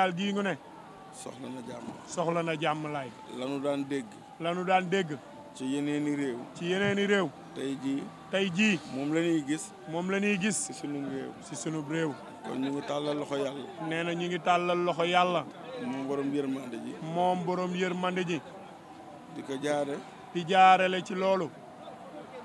Sénégal gii ñu ne. soxla na jàmm. soxla na jàmm laay. lanu daan dégg. lanu daan dégg. ci yeneeni réew. ci yeneeni réew. tey jii. tey jii. moom la ñuy gis. moom la ñuy gis. si sunu réew. si sunu réew. kon ñu ngi tàllal loxo yàlla. nee na ñu ngi tàllal loxo yàlla. mom borom yërmande ji. moom borom yërmande ji. di ko jaare. di jaarale ci loolu.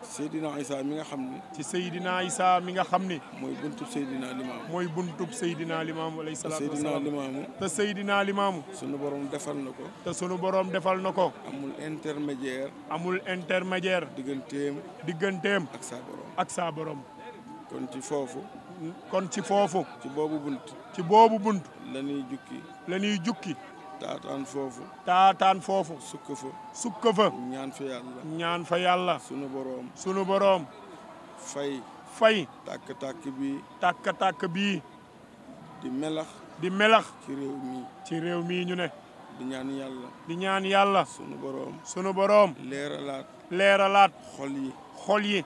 Seydina Isa mi nga xam ni. ci Seydina Isa mi nga xam ni. mooy buntub Seydina Limaamu. mooy buntub Seydina Limaamu alayhi salaatu wa salaam. Seydina Limaamu. te Seydina Limaamu. sunu borom defal na ko. te sunu borom defal na ko. amul intermédiaire. amul intermédiaire. digganteem. digganteem. ak saa borom ak saa borom. kon ci foofu. kon ci foofu. ci boobu bunt. ci boobu bunt. la ñuy jukki. la ñuy jukki. taataan foofu. taataan foofu. sukk fa. sukk fa. ñaan fa ñaan fa yàlla. sunu boroom. sunu boroom. fay. fay. tàkk-tàkk bii. tàkk-tàkk bii. di melax. di melax. ci réew mi ñu ne. di ñaan yàlla. di ñaan yàlla. sunu boroom. sunu boroom. leeralaat. leeralaat. xol yi. xol yi.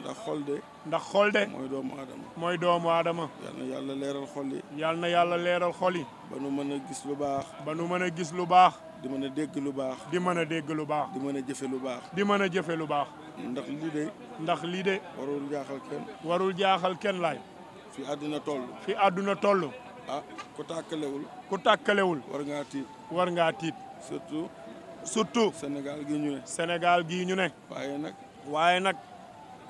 ndax xol de. ndax xool de. mooy doomu aadama. mooy doomu aadama. yal na yàlla leeral xol yi. yal na yàlla leeral xol yi. ba nu mën a gis lu baax. ba nu mën a gis lu baax. di mën a dégg lu baax. di mën a dégg lu baax. di mën a jëfe lu baax. di mën a jëfe lu baax. ndax lii de. ndax lii de. warul jaaxal kenn. warul jaaxal kenn laay. fi àdduna toll. fi àdduna toll. ah ku tàkkalewul. ku tàkkalewul. war ngaa tiit. war ngaa tiit. surtout. surtout. Sénégal gii ñu ne. Sénégal gii ñu ne. waaye nag. waaye nag.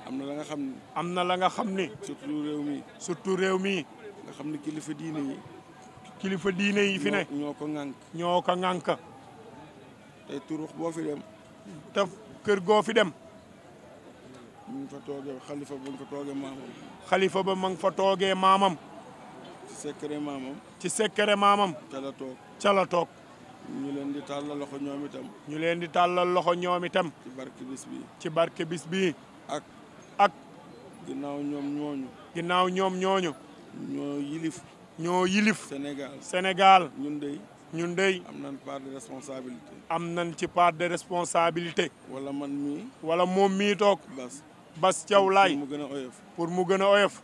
amna la nga xam amna la nga xam ne. surtout réew mi. surtout réew mi. nga xam kilifa diine yi. kilifa diine yi fi ne. ñoo ko ŋànk. ñoo ko turux boo fi dem. te kër goo fi dem. fa fa ba fa ci ci ñu leen di loxo ñoom itam. ñu leen di loxo ñoom itam. ci barke bis bi. ci barke bis bi. ak. ak. ginnaaw ñoom ñooñu. ginnaaw ñoom ñooñu. ñoo yilif. ñoo yilif. Sénégal Sénégal. ñun dey. ñun dey. am nañ part de responsabilité. am nañ ci part de responsabilité. wala man mii. wala moom mii toog. bas bas Thiaw pour mu gën a oyof. pour mu gën a oyof.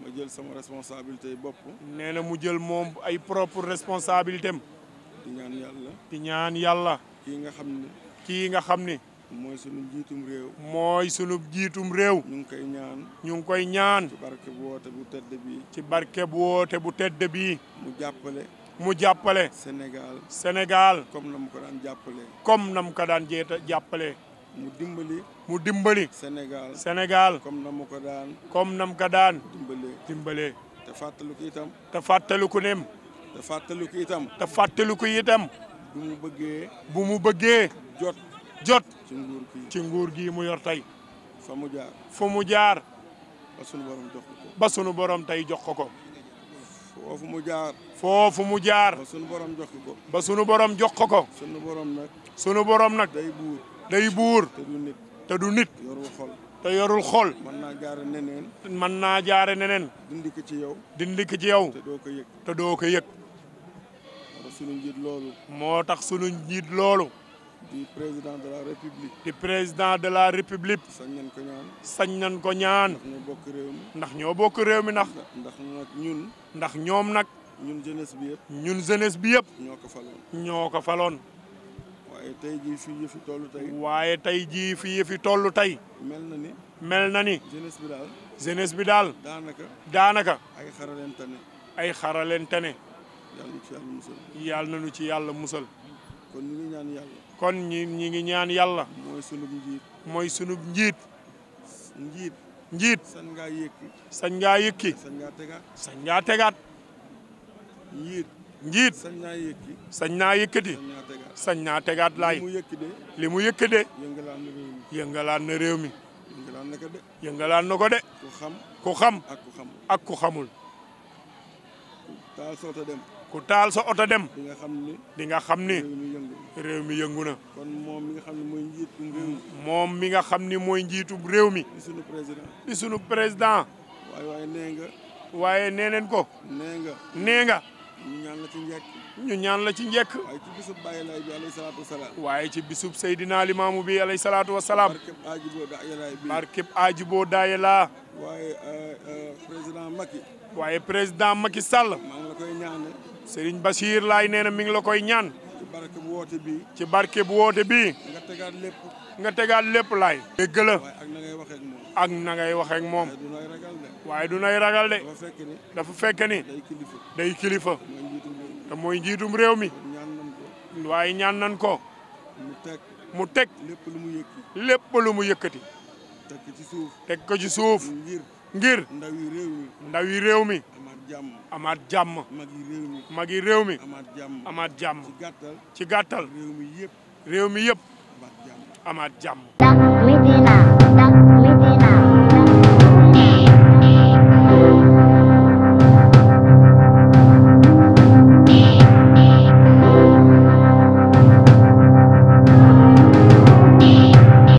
ma jël sama responsabilité bopp. nee na mu jël moom ay propre responsabilité am. ñaan yàlla. di nga xam ni kii nga xam ne. mooy sunu jiitum réew. mooy sunu jiitum réew. ñu ngi koy ñaan. ñu ngi koy ñaan. ci barke bu woote bu tedd bi ci barke bu woote bu tedd bi mu jàppale. mu jàppale. Sénégal. Sénégal. comme na mu ko daan jàppale. comme na mu ko daan jeeta jàppale. mu dimbali. mu dimbali. Sénégal. Sénégal. comme na mu ko daan. comme na mu daan. dimbale. dimbale. te itam. te fàttaliku nem. itam. te fàttaliku itam. bu mu bëggee. bu mu bëggee. jot jot. ci nguur gi ci nguur gii mu yor tey. fa mu jaar fu mu jaar. ba sunu borom tay jox ko ko. foofu mu jaar. foofu mu jaar. ba sunu borom jox ko ba sunu borom jox ko ko. sunu borom nag. sunu borom nag. day buur te du nit te du nit. yorul xol te yorul xol. mën naa jaare neneen. mën naa jaare neneen. dindi ci yow. dindi ci yow. te doo ko te doo ko moo tax sunu njiit loolu. moo tax sunu njiit loolu. di président de la république. di président de la république. sañ nañ ko ñaan. sañ nañ ko ñaan. ndax ndax ñoo bokk réew mi ndax. ndax nag ndax ñoom nag. ñun jeunesse bi yëpp. ñun jeunesse bi yëpp. ñoo ko faloon. ñoo ko faloon. waaye tey jii fii yëfi toll tey. waaye tey jii fii yëfi toll tey. mel na ni. mel na ni. jeunesse bi daal. jeunesse bi daal. daanaka. daanaka. ay xaraleen tane. ay xaraleen tane. yàlla na ci nu ci yàlla musal. kon ñu ngi ñaan kon ñi ñi ngi ñaan yàlla. mooy sunub njiit. njiit. njiit. njiit. sañ ngaa yëkki. sañ ngaa tegaat. sañ ngaa tegaat. njiit. njiit. sañ na yëkki. sañ naa yëkkati. sañ naa tegaat laay. li mu yëkki de. li mu yëkki de. yëngalaan na réew mi. yëngalaan na ko de. ku xam. ak ku xamul. ku taal sa oto dem. di nga xam ni. réew mi yëngu na. kon moom mi nga xam ne mooy njiitu réew moom mi nga xam ni mooy njiitu réew mi. di sunu président. di sunu président. waaye waaye nga. waaye nee neen ko. nee nee nga. ñu ñaan la ci njëkk. ñu ñaan la ci njëkk. waaye ci bisub Baye Laay bi alayhi salaatu wa salaam. waaye ci bisub Seydina Limaamu bi alayhi salaatu wa salaam. barkeb Ajibo Daayela bi. barkeb Ajibo Daayela. waaye euh, euh, président Macky. waaye président Macky Sall. maa ngi la koy ñaan. Serigne Bachir laay nee mi ngi la koy ñaan. ci barke bu woote bii. ci barke bu woote bi nga tegaat lépp. nga tegaat lépp laay. dégg la ak na ngay waxee ak moom. ak moom. waaye du nay ragal de. dafa fekk fekk ni day kilifa. te mooy njiitum réew mi. waaye ñaan nan ko. mu teg mu teg. lépp lu mu yëkkati. teg ko ci suuf. ngir. ngir ndaw yi réew mi ndaw yi réew mi amaat jàmm amaat jàmm mag amaat jàmm amaat jàmm ci gàttal réew mi mi yëpp amaat jàmm amaat jàmm